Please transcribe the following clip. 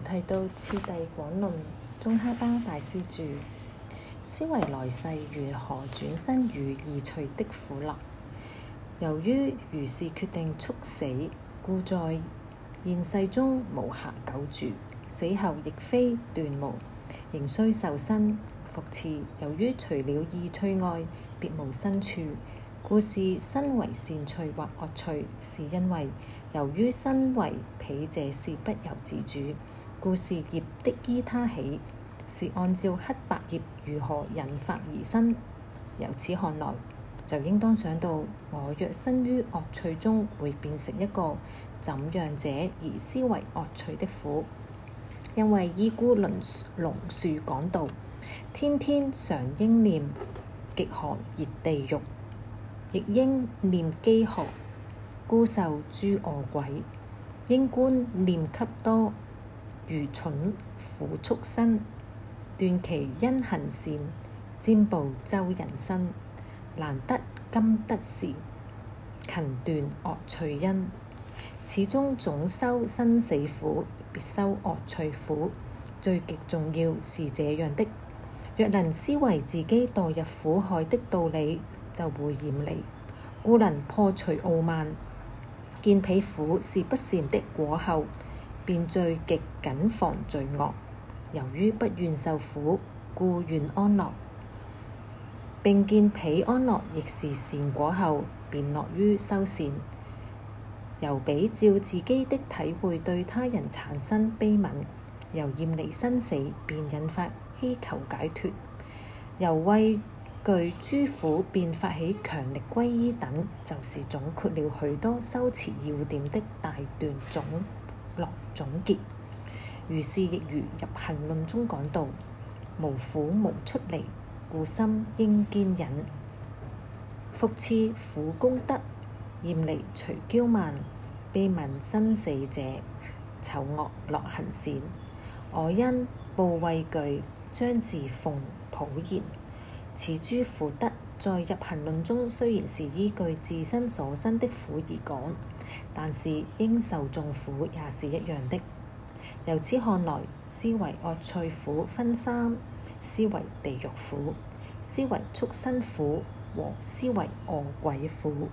提到《次第廣論》中哈巴大師著，思維來世如何轉生與易趣的苦樂。由於如是決定速死，故在現世中無暇久住，死後亦非斷無，仍需受身服侍。由於除了易趣外，別無生處。故事身為善趣或惡趣，是因為由於身為鄙者是不由自主。故事業的依他起是按照黑白業如何引發而生。由此看來，就應當想到我若生於惡趣中，會變成一個怎樣者而思維惡趣的苦。因為依怙龍龍樹講道：天天常應念極寒熱地獄。亦應念饑渴，孤瘦諸惡鬼；應觀念給多，愚蠢苦畜身，斷其因行善，占布周人生。難得今得時，勤斷惡趣因。始終總修生死苦，別修惡趣苦，最極重要是這樣的。若能思維自己墮入苦海的道理，就會厭離，故能破除傲慢。見彼苦是不善的果後，便最極謹防罪惡。由於不願受苦，故願安樂。並見彼安樂，亦是善果後，便樂於修善。由比照自己的體會對他人產生悲憫，由厭離生死，便引發希求解脫。由畏據諸苦便發起強力歸依等，就是總括了許多修持要點的大段總落總結。如是亦如入行論中講到：無苦無出離，故心應堅忍；復次苦功德，厭離除驕慢，悲憫生死者，醜惡樂行善。我因不畏懼，將自奉普賢。此諸苦德，在入行論中雖然是依據自身所生的苦而講，但是應受眾苦也是一樣的。由此看來，思維惡趣苦分三：思維地獄苦、思維畜生苦和思維餓鬼苦。